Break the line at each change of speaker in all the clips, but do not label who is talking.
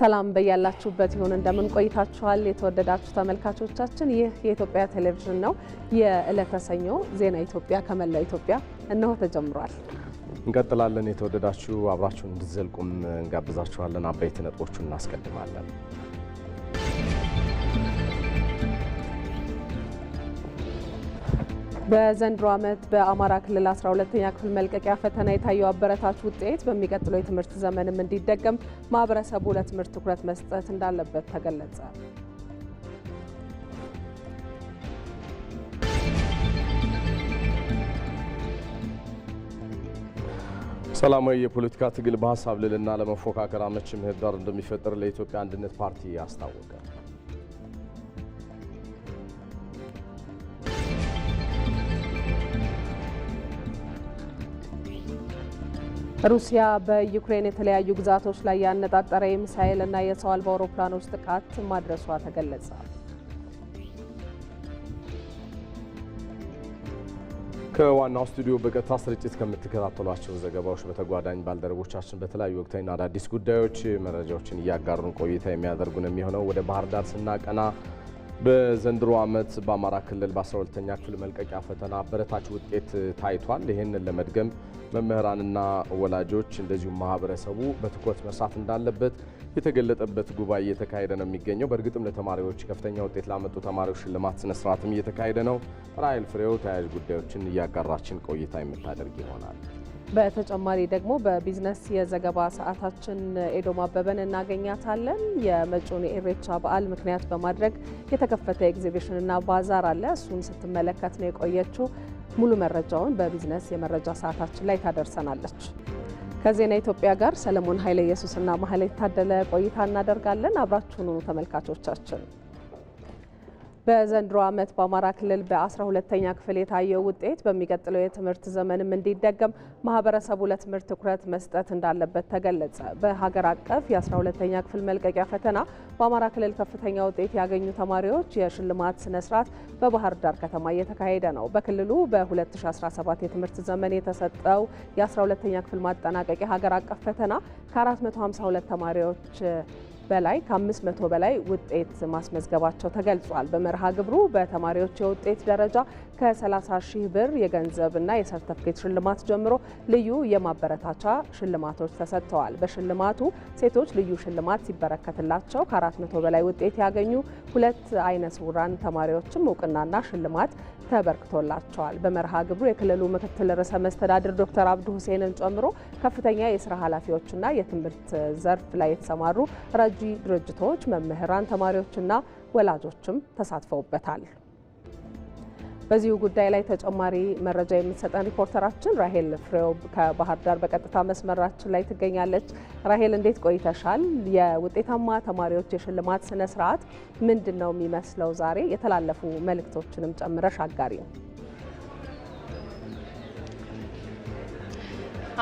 ሰላም በያላችሁበት ይሁን። እንደምን ቆይታችኋል? የተወደዳችሁ ተመልካቾቻችን፣ ይህ የኢትዮጵያ ቴሌቪዥን ነው። የዕለተ ሰኞ ዜና ኢትዮጵያ ከመላው ኢትዮጵያ እነሆ ተጀምሯል።
እንቀጥላለን። የተወደዳችሁ አብራችሁን እንድትዘልቁም እንጋብዛችኋለን። አበይት ነጥቦቹን እናስቀድማለን።
በዘንድሮ ዓመት በአማራ ክልል 12ኛ ክፍል መልቀቂያ ፈተና የታየው አበረታች ውጤት በሚቀጥለው የትምህርት ዘመንም እንዲደገም ማህበረሰቡ ለትምህርት ትኩረት መስጠት እንዳለበት ተገለጸ።
ሰላማዊ የፖለቲካ ትግል በሀሳብ ልዕልና ለመፎካከር አመች ምህዳር እንደሚፈጥር ለኢትዮጵያ አንድነት ፓርቲ አስታወቀ።
ሩሲያ በዩክሬን የተለያዩ ግዛቶች ላይ ያነጣጠረ የሚሳኤል እና የሰው አልባ አውሮፕላኖች ጥቃት ማድረሷ ተገለጸ።
ከዋናው ስቱዲዮ በቀጥታ ስርጭት ከምትከታተሏቸው ዘገባዎች በተጓዳኝ ባልደረቦቻችን በተለያዩ ወቅታዊና አዳዲስ ጉዳዮች መረጃዎችን እያጋሩን ቆይታ የሚያደርጉን የሚሆነው ወደ ባህር ዳር ስናቀና በዘንድሮ ዓመት በአማራ ክልል በ12ተኛ ክፍል መልቀቂያ ፈተና አበረታች ውጤት ታይቷል። ይህንን ለመድገም መምህራንና ወላጆች እንደዚሁም ማህበረሰቡ በትኩረት መስራት እንዳለበት የተገለጠበት ጉባኤ እየተካሄደ ነው የሚገኘው። በእርግጥም ለተማሪዎች ከፍተኛ ውጤት ላመጡ ተማሪዎች ሽልማት ስነስርዓትም እየተካሄደ ነው። ራይል ፍሬው ተያያዥ ጉዳዮችን እያጋራችን ቆይታ የምታደርግ ይሆናል።
በተጨማሪ ደግሞ በቢዝነስ የዘገባ ሰዓታችን ኤዶም አበበን እናገኛታለን። የመጪውን የኢሬቻ በዓል ምክንያት በማድረግ የተከፈተ ኤግዚቢሽንና ባዛር አለ። እሱን ስትመለከት ነው የቆየችው። ሙሉ መረጃውን በቢዝነስ የመረጃ ሰዓታችን ላይ ታደርሰናለች። ከዜና ኢትዮጵያ ጋር ሰለሞን ኃይለ ኢየሱስና መሀሌት የታደለ ቆይታ እናደርጋለን። አብራችሁን ሁኑ ተመልካቾቻችን። በዘንድሮ ዓመት በአማራ ክልል በ12ተኛ ክፍል የታየው ውጤት በሚቀጥለው የትምህርት ዘመንም እንዲደገም ማህበረሰቡ ለትምህርት ትኩረት መስጠት እንዳለበት ተገለጸ። በሀገር አቀፍ የ12ተኛ ክፍል መልቀቂያ ፈተና በአማራ ክልል ከፍተኛ ውጤት ያገኙ ተማሪዎች የሽልማት ስነስርዓት በባህር ዳር ከተማ እየተካሄደ ነው። በክልሉ በ2017 የትምህርት ዘመን የተሰጠው የ12ተኛ ክፍል ማጠናቀቂያ ሀገር አቀፍ ፈተና ከ452 ተማሪዎች በላይ ከ500 በላይ ውጤት ማስመዝገባቸው ተገልጿል። በመርሃ ግብሩ በተማሪዎች የውጤት ደረጃ ከ30 ሺህ ብር የገንዘብና የሰርተፍኬት ሽልማት ጀምሮ ልዩ የማበረታቻ ሽልማቶች ተሰጥተዋል። በሽልማቱ ሴቶች ልዩ ሽልማት ሲበረከትላቸው ከ400 በላይ ውጤት ያገኙ ሁለት አይነ ስውራን ተማሪዎችም እውቅናና ሽልማት ተበርክቶላቸዋል። በመርሃ ግብሩ የክልሉ ምክትል ርዕሰ መስተዳድር ዶክተር አብዱ ሁሴንን ጨምሮ ከፍተኛ የስራ ኃላፊዎችና የትምህርት ዘርፍ ላይ የተሰማሩ ረጂ ድርጅቶች፣ መምህራን፣ ተማሪዎችና ወላጆችም ተሳትፈውበታል። በዚሁ ጉዳይ ላይ ተጨማሪ መረጃ የምትሰጠን ሪፖርተራችን ራሄል ፍሬው ከባህር ዳር በቀጥታ መስመራችን ላይ ትገኛለች። ራሄል እንዴት ቆይተሻል? የውጤታማ ተማሪዎች የሽልማት ስነ ስርዓት ምንድን ነው የሚመስለው? ዛሬ የተላለፉ መልእክቶችንም ጨምረሽ አጋሪ ነው።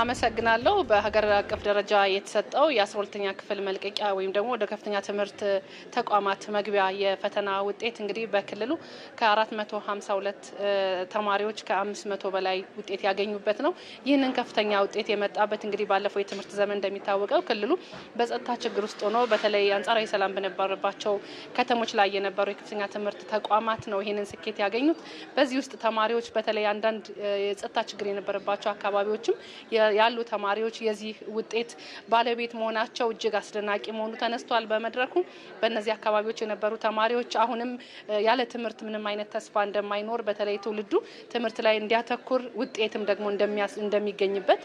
አመሰግናለሁ። በሀገር አቀፍ ደረጃ የተሰጠው የአስራሁለተኛ ክፍል መልቀቂያ ወይም ደግሞ ወደ ከፍተኛ ትምህርት ተቋማት መግቢያ የፈተና ውጤት እንግዲህ በክልሉ ከ452 ተማሪዎች ከ500 በላይ ውጤት ያገኙበት ነው። ይህንን ከፍተኛ ውጤት የመጣበት እንግዲህ ባለፈው የትምህርት ዘመን እንደሚታወቀው ክልሉ በጸጥታ ችግር ውስጥ ሆኖ በተለይ አንጻራዊ ሰላም በነበረባቸው ከተሞች ላይ የነበሩ የከፍተኛ ትምህርት ተቋማት ነው ይህንን ስኬት ያገኙት። በዚህ ውስጥ ተማሪዎች በተለይ አንዳንድ የጸጥታ ችግር የነበረባቸው አካባቢዎችም ያሉ ተማሪዎች የዚህ ውጤት ባለቤት መሆናቸው እጅግ አስደናቂ መሆኑ ተነስቷል። በመድረኩ በእነዚህ አካባቢዎች የነበሩ ተማሪዎች አሁንም ያለ ትምህርት ምንም አይነት ተስፋ እንደማይኖር በተለይ ትውልዱ ትምህርት ላይ እንዲያተኩር ውጤትም ደግሞ እንደሚገኝበት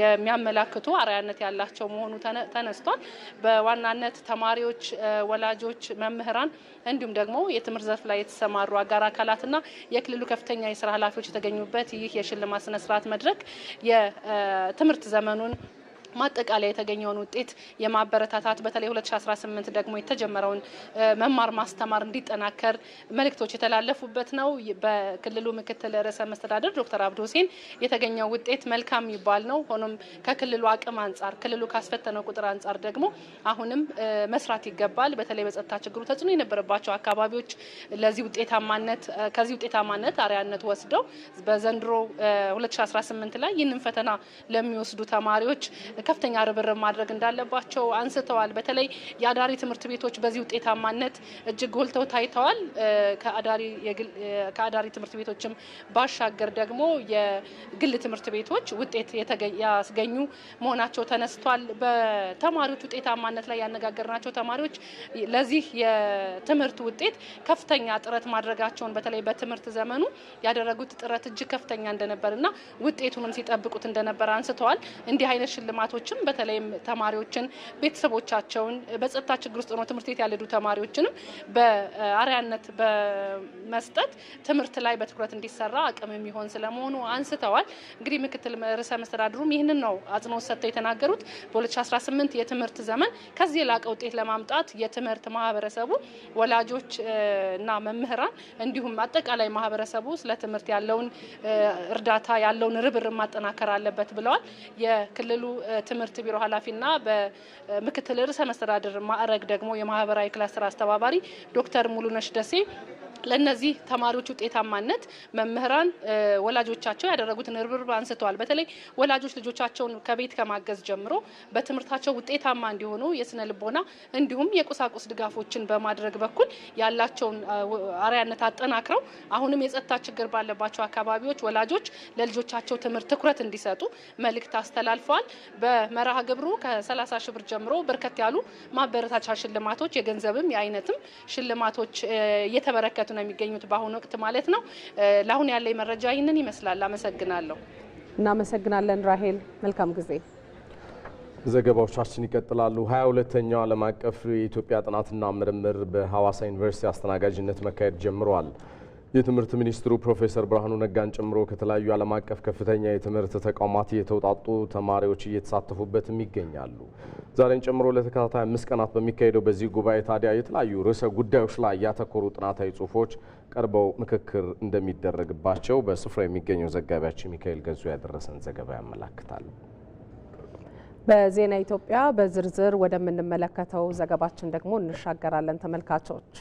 የሚያመላክቱ አርአያነት ያላቸው መሆኑ ተነስቷል። በዋናነት ተማሪዎች፣ ወላጆች፣ መምህራን እንዲሁም ደግሞ የትምህርት ዘርፍ ላይ የተሰማሩ አጋር አካላትና የክልሉ ከፍተኛ የስራ ኃላፊዎች የተገኙበት ይህ የሽልማት ስነስርዓት መድረክ የትምህርት ዘመኑን ማጠቃለያ የተገኘውን ውጤት የማበረታታት በተለይ 2018 ደግሞ የተጀመረውን መማር ማስተማር እንዲጠናከር መልእክቶች የተላለፉበት ነው። በክልሉ ምክትል ርዕሰ መስተዳደር ዶክተር አብዱ ሁሴን የተገኘው ውጤት መልካም የሚባል ነው። ሆኖም ከክልሉ አቅም አንጻር ክልሉ ካስፈተነው ቁጥር አንጻር ደግሞ አሁንም መስራት ይገባል። በተለይ በጸጥታ ችግሩ ተጽዕኖ የነበረባቸው አካባቢዎች ለዚህ ውጤታማነት ከዚህ ውጤታማነት አርያነት ወስደው በዘንድሮ 2018 ላይ ይህንን ፈተና ለሚወስዱ ተማሪዎች ከፍተኛ ርብርብ ማድረግ እንዳለባቸው አንስተዋል። በተለይ የአዳሪ ትምህርት ቤቶች በዚህ ውጤታማነት እጅግ ጎልተው ታይተዋል። ከአዳሪ ትምህርት ቤቶችም ባሻገር ደግሞ የግል ትምህርት ቤቶች ውጤት ያስገኙ መሆናቸው ተነስቷል። በተማሪዎች ውጤታማነት ላይ ያነጋገርናቸው ተማሪዎች ለዚህ የትምህርት ውጤት ከፍተኛ ጥረት ማድረጋቸውን በተለይ በትምህርት ዘመኑ ያደረጉት ጥረት እጅግ ከፍተኛ እንደነበርና ውጤቱንም ሲጠብቁት እንደነበር አንስተዋል። እንዲህ አይነት ሽልማት ወጣቶችም በተለይም ተማሪዎችን፣ ቤተሰቦቻቸውን በጸጥታ ችግር ውስጥ ሆነው ትምህርት ቤት ያልሄዱ ተማሪዎችንም በአርያነት በመስጠት ትምህርት ላይ በትኩረት እንዲሰራ አቅም የሚሆን ስለመሆኑ አንስተዋል። እንግዲህ ምክትል ርዕሰ መስተዳድሩም ይህንን ነው አጽንኦት ሰጥተው የተናገሩት። በ2018 የትምህርት ዘመን ከዚህ የላቀ ውጤት ለማምጣት የትምህርት ማህበረሰቡ ወላጆች እና መምህራን እንዲሁም አጠቃላይ ማህበረሰቡ ስለ ትምህርት ያለውን እርዳታ ያለውን ርብር ማጠናከር አለበት ብለዋል። የክልሉ በትምህርት ቢሮ ኃላፊና በምክትል ርዕሰ መስተዳድር ማዕረግ ደግሞ የማህበራዊ ክላስተር አስተባባሪ ዶክተር ሙሉነሽ ደሴ ለእነዚህ ተማሪዎች ውጤታማነት መምህራን ወላጆቻቸው ያደረጉትን ርብርብ አንስተዋል። በተለይ ወላጆች ልጆቻቸውን ከቤት ከማገዝ ጀምሮ በትምህርታቸው ውጤታማ እንዲሆኑ የስነ ልቦና እንዲሁም የቁሳቁስ ድጋፎችን በማድረግ በኩል ያላቸውን አርአያነት አጠናክረው አሁንም የጸጥታ ችግር ባለባቸው አካባቢዎች ወላጆች ለልጆቻቸው ትምህርት ትኩረት እንዲሰጡ መልእክት አስተላልፈዋል። በመርሃ ግብሩ ከ30 ሺ ብር ጀምሮ በርከት ያሉ ማበረታቻ ሽልማቶች የገንዘብም የአይነትም ሽልማቶች እየተበረከቱ ነው የሚገኙት በአሁኑ ወቅት ማለት ነው። ለአሁን ያለ መረጃ ይህንን ይመስላል። አመሰግናለሁ።
እናመሰግናለን ራሄል፣ መልካም ጊዜ።
ዘገባዎቻችን ይቀጥላሉ። ሀያ ሁለተኛው ዓለም አቀፍ የኢትዮጵያ ጥናትና ምርምር በሀዋሳ ዩኒቨርሲቲ አስተናጋጅነት መካሄድ ጀምሯል። የትምህርት ሚኒስትሩ ፕሮፌሰር ብርሃኑ ነጋን ጨምሮ ከተለያዩ ዓለም አቀፍ ከፍተኛ የትምህርት ተቋማት የተውጣጡ ተማሪዎች እየተሳተፉበትም ይገኛሉ። ዛሬን ጨምሮ ለተከታታይ አምስት ቀናት በሚካሄደው በዚህ ጉባኤ ታዲያ የተለያዩ ርዕሰ ጉዳዮች ላይ ያተኮሩ ጥናታዊ ጽሁፎች ቀርበው ምክክር እንደሚደረግባቸው በስፍራ የሚገኘው ዘጋቢያችን ሚካኤል ገዙ ያደረሰን ዘገባ ያመላክታል።
በዜና ኢትዮጵያ በዝርዝር ወደምንመለከተው ዘገባችን ደግሞ እንሻገራለን ተመልካቾች።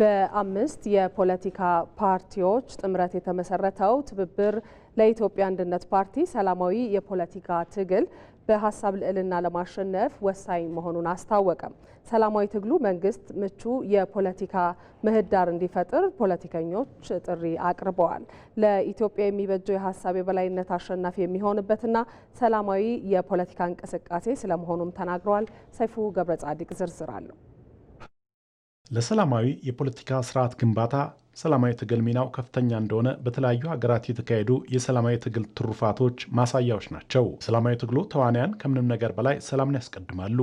በአምስት የፖለቲካ ፓርቲዎች ጥምረት የተመሰረተው ትብብር ለኢትዮጵያ አንድነት ፓርቲ ሰላማዊ የፖለቲካ ትግል በሀሳብ ልዕልና ለማሸነፍ ወሳኝ መሆኑን አስታወቀም። ሰላማዊ ትግሉ መንግስት ምቹ የፖለቲካ ምህዳር እንዲፈጥር ፖለቲከኞች ጥሪ አቅርበዋል። ለኢትዮጵያ የሚበጀው የሀሳብ የበላይነት አሸናፊ የሚሆንበትና ሰላማዊ የፖለቲካ እንቅስቃሴ ስለመሆኑም ተናግረዋል። ሰይፉ ገብረ ጻድቅ ዝርዝር አለው።
ለሰላማዊ የፖለቲካ ስርዓት ግንባታ ሰላማዊ ትግል ሚናው ከፍተኛ እንደሆነ በተለያዩ ሀገራት የተካሄዱ የሰላማዊ ትግል ትሩፋቶች ማሳያዎች ናቸው። ሰላማዊ ትግሉ ተዋንያን ከምንም ነገር በላይ ሰላምን ያስቀድማሉ።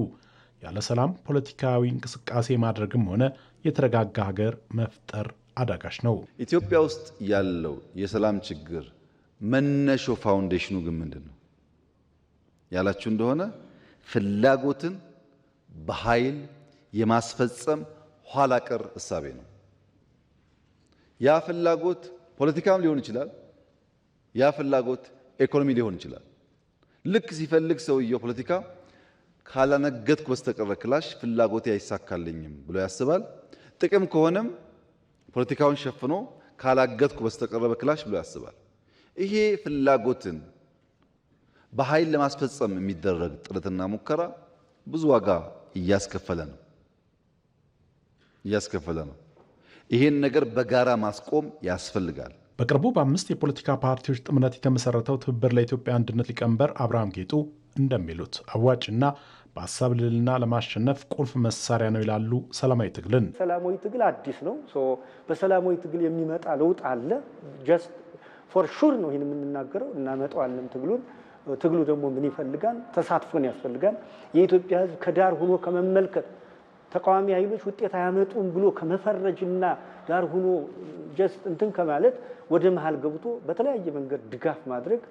ያለ ሰላም ፖለቲካዊ እንቅስቃሴ ማድረግም ሆነ የተረጋጋ ሀገር መፍጠር አዳጋች ነው።
ኢትዮጵያ ውስጥ ያለው የሰላም ችግር መነሾ ፋውንዴሽኑ ግን ምንድን ነው ያላችሁ እንደሆነ ፍላጎትን በኃይል የማስፈጸም ኋላ ቀር እሳቤ ነው። ያ ፍላጎት ፖለቲካም ሊሆን ይችላል። ያ ፍላጎት ኢኮኖሚ ሊሆን ይችላል። ልክ ሲፈልግ ሰውየው ፖለቲካ ካላነገትኩ በስተቀረ ክላሽ ፍላጎቴ አይሳካልኝም ብሎ ያስባል። ጥቅም ከሆነም ፖለቲካውን ሸፍኖ ካላገጥኩ በስተቀረ በክላሽ ብሎ ያስባል። ይሄ ፍላጎትን በኃይል ለማስፈጸም የሚደረግ ጥረትና ሙከራ ብዙ ዋጋ እያስከፈለ ነው። እያስከፈለ ነው። ይህን ነገር በጋራ ማስቆም ያስፈልጋል።
በቅርቡ በአምስት የፖለቲካ ፓርቲዎች ጥምረት የተመሰረተው ትብብር ለኢትዮጵያ አንድነት ሊቀመንበር አብርሃም ጌጡ እንደሚሉት አዋጭና በሀሳብ ልልና ለማሸነፍ ቁልፍ መሳሪያ ነው ይላሉ። ሰላማዊ ትግልን
ሰላማዊ ትግል አዲስ ነው። በሰላማዊ ትግል የሚመጣ ለውጥ አለ። ጀስት ፎር ሹር ነው ይህን የምንናገረው። እናመጣዋለን ትግሉን። ትግሉ ደግሞ ምን ይፈልጋል? ተሳትፎን ያስፈልጋል። የኢትዮጵያ ሕዝብ ከዳር ሆኖ ከመመልከት ተቃዋሚ ኃይሎች ውጤት አያመጡም ብሎ ከመፈረጅና ጋር ሆኖ ጀስት እንትን ከማለት ወደ መሀል ገብቶ በተለያየ መንገድ ድጋፍ ማድረግ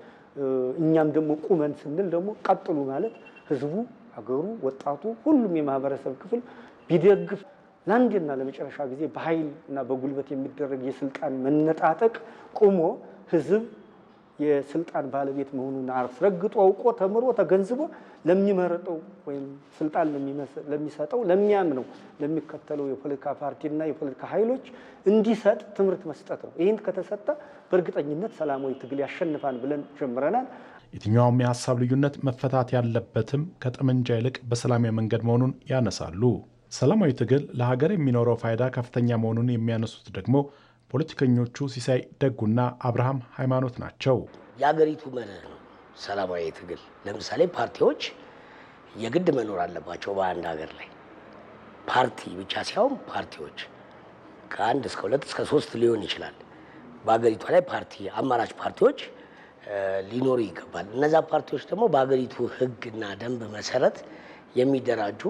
እኛም ደግሞ ቁመን ስንል ደግሞ ቀጥሉ ማለት ህዝቡ፣ ሀገሩ፣ ወጣቱ፣ ሁሉም የማህበረሰብ ክፍል ቢደግፍ ለአንድና ለመጨረሻ ጊዜ በኃይል እና በጉልበት የሚደረግ የስልጣን መነጣጠቅ ቁሞ ህዝብ የስልጣን ባለቤት መሆኑን አስረግጦ አውቆ ተምሮ ተገንዝቦ ለሚመረጠው ወይም ስልጣን ለሚሰጠው ለሚያምነው ለሚከተለው የፖለቲካ ፓርቲና የፖለቲካ ኃይሎች እንዲሰጥ ትምህርት መስጠት ነው። ይህን ከተሰጠ በእርግጠኝነት ሰላማዊ ትግል ያሸንፋል ብለን ጀምረናል።
የትኛውም የሀሳብ ልዩነት መፈታት ያለበትም ከጠመንጃ ይልቅ በሰላማዊ መንገድ መሆኑን ያነሳሉ። ሰላማዊ ትግል ለሀገር የሚኖረው ፋይዳ ከፍተኛ መሆኑን የሚያነሱት ደግሞ ፖለቲከኞቹ ሲሳይ ደጉና አብርሃም ሃይማኖት ናቸው።
የአገሪቱ መርህ ነው ሰላማዊ ትግል። ለምሳሌ ፓርቲዎች የግድ መኖር አለባቸው በአንድ ሀገር ላይ ፓርቲ ብቻ ሳይሆን ፓርቲዎች ከአንድ እስከ ሁለት እስከ ሶስት ሊሆን ይችላል። በሀገሪቷ ላይ ፓርቲ አማራጭ ፓርቲዎች ሊኖሩ ይገባል። እነዛ ፓርቲዎች ደግሞ በሀገሪቱ ህግና ደንብ መሰረት የሚደራጁ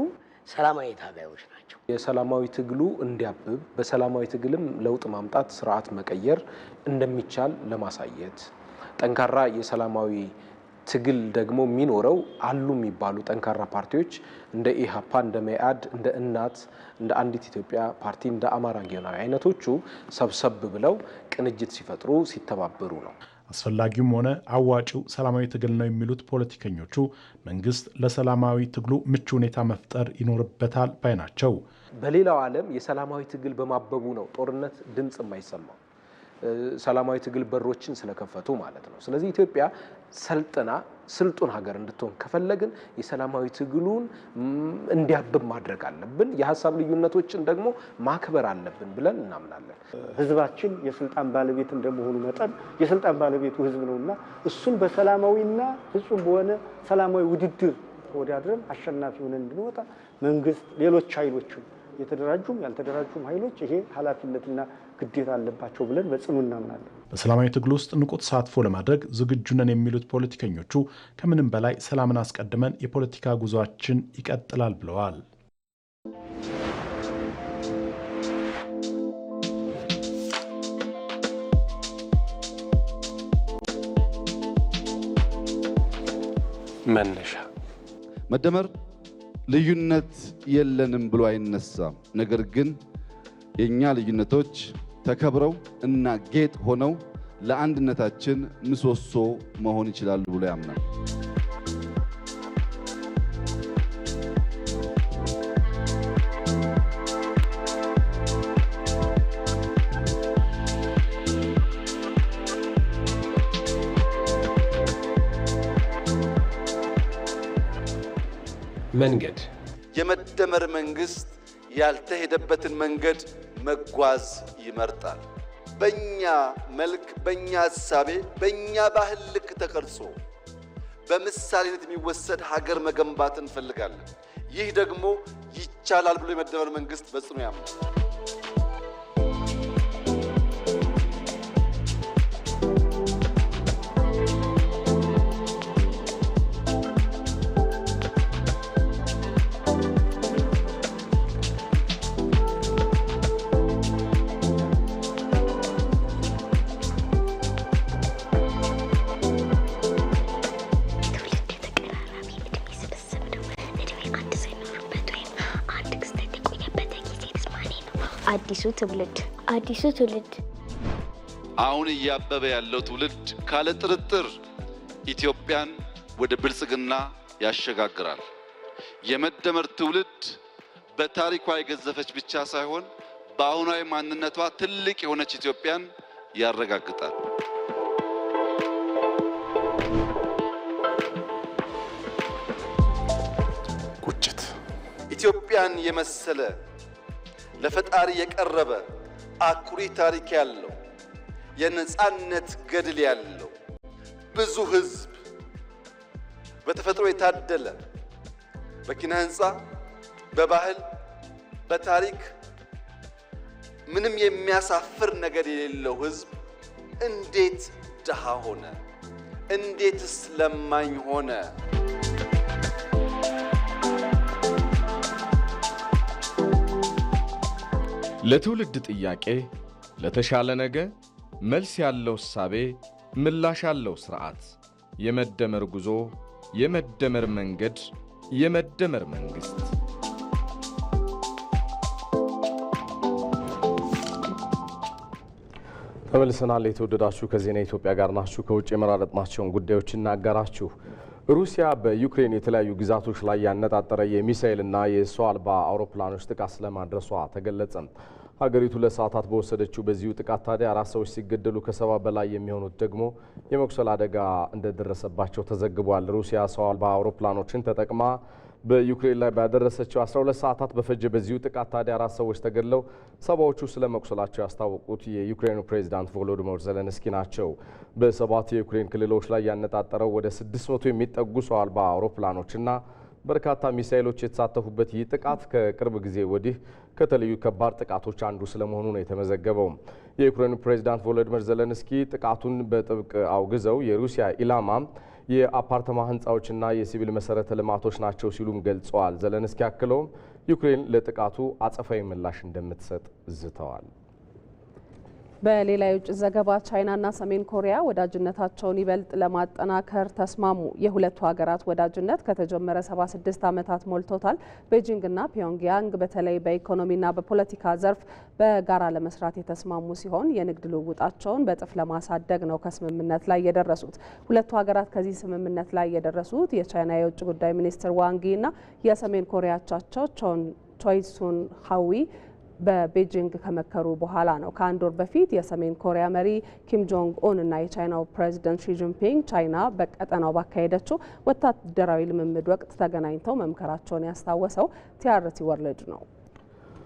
ሰላማዊ ታጋዮች ናቸው።
የሰላማዊ ትግሉ እንዲያብብ በሰላማዊ ትግልም ለውጥ ማምጣት፣ ስርዓት መቀየር እንደሚቻል ለማሳየት ጠንካራ የሰላማዊ ትግል ደግሞ የሚኖረው አሉ የሚባሉ ጠንካራ ፓርቲዎች እንደ ኢህአፓ፣ እንደ መኢአድ፣ እንደ እናት፣ እንደ አንዲት ኢትዮጵያ ፓርቲ፣ እንደ አማራ ጊዮናዊ አይነቶቹ ሰብሰብ ብለው ቅንጅት ሲፈጥሩ ሲተባበሩ ነው።
አስፈላጊውም ሆነ አዋጪው ሰላማዊ ትግል ነው የሚሉት ፖለቲከኞቹ መንግስት ለሰላማዊ ትግሉ ምቹ ሁኔታ መፍጠር ይኖርበታል ባይ ናቸው።
በሌላው ዓለም የሰላማዊ ትግል በማበቡ ነው ጦርነት ድምፅ የማይሰማው። ሰላማዊ ትግል በሮችን ስለከፈቱ ማለት ነው። ስለዚህ ኢትዮጵያ ሰልጥና ስልጡን ሀገር እንድትሆን ከፈለግን የሰላማዊ ትግሉን እንዲያብብ ማድረግ አለብን፣ የሀሳብ ልዩነቶችን ደግሞ ማክበር አለብን ብለን እናምናለን።
ህዝባችን የስልጣን ባለቤት እንደመሆኑ መጠን የስልጣን ባለቤቱ ህዝብ ነውና እሱን በሰላማዊና ፍጹም በሆነ ሰላማዊ ውድድር ተወዳድረን አሸናፊ ሆነን እንድንወጣ መንግስት፣ ሌሎች ኃይሎችም የተደራጁም ያልተደራጁም ኃይሎች ይሄ ኃላፊነትና ግዴታ አለባቸው ብለን በጽኑ እናምናለን።
በሰላማዊ ትግል ውስጥ ንቁ ተሳትፎ ለማድረግ ዝግጁ ነን የሚሉት ፖለቲከኞቹ ከምንም በላይ ሰላምን አስቀድመን የፖለቲካ ጉዟችን ይቀጥላል ብለዋል።
መነሻ
መደመር ልዩነት የለንም ብሎ አይነሳም። ነገር ግን የእኛ ልዩነቶች ተከብረው እና ጌጥ ሆነው ለአንድነታችን ምሰሶ መሆን ይችላሉ ብሎ ያምናል።
መንገድ
የመደመር መንግስት ያልተሄደበትን መንገድ መጓዝ ይመርጣል። በእኛ መልክ፣ በእኛ እሳቤ፣ በእኛ ባህል ልክ ተቀርጾ በምሳሌነት የሚወሰድ ሀገር መገንባት እንፈልጋለን። ይህ ደግሞ ይቻላል ብሎ የመደመር መንግስት በጽኑ ያምናል።
አዲሱ ትውልድ አዲሱ ትውልድ አሁን እያበበ ያለው ትውልድ ካለ ጥርጥር ኢትዮጵያን ወደ ብልጽግና ያሸጋግራል። የመደመር ትውልድ በታሪኳ የገዘፈች ብቻ ሳይሆን በአሁናዊ ማንነቷ ትልቅ የሆነች ኢትዮጵያን ያረጋግጣል።
ቁጭት
ኢትዮጵያን የመሰለ ለፈጣሪ የቀረበ አኩሪ ታሪክ ያለው የነፃነት ገድል ያለው ብዙ ህዝብ በተፈጥሮ የታደለ በኪነ ህንፃ፣ በባህል፣ በታሪክ ምንም የሚያሳፍር ነገር የሌለው ህዝብ እንዴት ድሃ ሆነ? እንዴትስ ለማኝ ሆነ?
ለትውልድ ጥያቄ ለተሻለ ነገ መልስ ያለው እሳቤ ምላሽ ያለው ስርዓት የመደመር ጉዞ የመደመር መንገድ የመደመር መንግሥት
ተመልሰናል። የተወደዳችሁ ከዜና ኢትዮጵያ ጋር ናችሁ። ከውጭ የመራረጥናቸውን ጉዳዮች እናጋራችሁ። ሩሲያ በዩክሬን የተለያዩ ግዛቶች ላይ ያነጣጠረ የሚሳኤልና የሰው አልባ አውሮፕላኖች ጥቃት ስለማድረሷ ተገለጸ። ሀገሪቱ ለሰዓታት በወሰደችው በዚሁ ጥቃት ታዲያ አራት ሰዎች ሲገደሉ ከሰባ በላይ የሚሆኑት ደግሞ የመቁሰል አደጋ እንደደረሰባቸው ተዘግቧል። ሩሲያ ሰው አልባ አውሮፕላኖችን ተጠቅማ በዩክሬን ላይ ባደረሰችው 12 ሰዓታት በፈጀ በዚሁ ጥቃት ታዲያ አራት ሰዎች ተገድለው ሰባዎቹ ስለ መቁሰላቸው ያስታወቁት የዩክሬኑ ፕሬዚዳንት ቮሎዲሞር ዘለንስኪ ናቸው። በሰባት የዩክሬን ክልሎች ላይ ያነጣጠረው ወደ 600 የሚጠጉ ሰው አልባ አውሮፕላኖችና በርካታ ሚሳይሎች የተሳተፉበት ይህ ጥቃት ከቅርብ ጊዜ ወዲህ ከተለዩ ከባድ ጥቃቶች አንዱ ስለመሆኑ ነው የተመዘገበው። የዩክሬኑ ፕሬዚዳንት ቮሎዲሚር ዘለንስኪ ጥቃቱን በጥብቅ አውግዘው የሩሲያ ኢላማ የአፓርተማ ህንፃዎችና የሲቪል መሰረተ ልማቶች ናቸው ሲሉም ገልጸዋል። ዘለንስኪ አክለውም ዩክሬን ለጥቃቱ አጸፋዊ ምላሽ እንደምትሰጥ ዝተዋል።
በሌላ የውጭ ዘገባ ቻይናና ሰሜን ኮሪያ ወዳጅነታቸውን ይበልጥ ለማጠናከር ተስማሙ። የሁለቱ ሀገራት ወዳጅነት ከተጀመረ 76 ዓመታት ሞልቶታል። ቤጂንግና ፒዮንግያንግ በተለይ በኢኮኖሚና በፖለቲካ ዘርፍ በጋራ ለመስራት የተስማሙ ሲሆን የንግድ ልውውጣቸውን በእጥፍ ለማሳደግ ነው ከስምምነት ላይ የደረሱት። ሁለቱ ሀገራት ከዚህ ስምምነት ላይ የደረሱት የቻይና የውጭ ጉዳይ ሚኒስትር ዋንጊና የሰሜን ኮሪያቻቸው ቾን ቾይሱን ሀዊ በቤጂንግ ከመከሩ በኋላ ነው። ከአንድ ወር በፊት የሰሜን ኮሪያ መሪ ኪም ጆንግ ኡን እና የቻይናው ፕሬዚደንት ሺጂንፒንግ ቻይና በቀጠናው ባካሄደችው ወታደራዊ ልምምድ ወቅት ተገናኝተው መምከራቸውን ያስታወሰው ቲአርቲ ወርልድ ነው።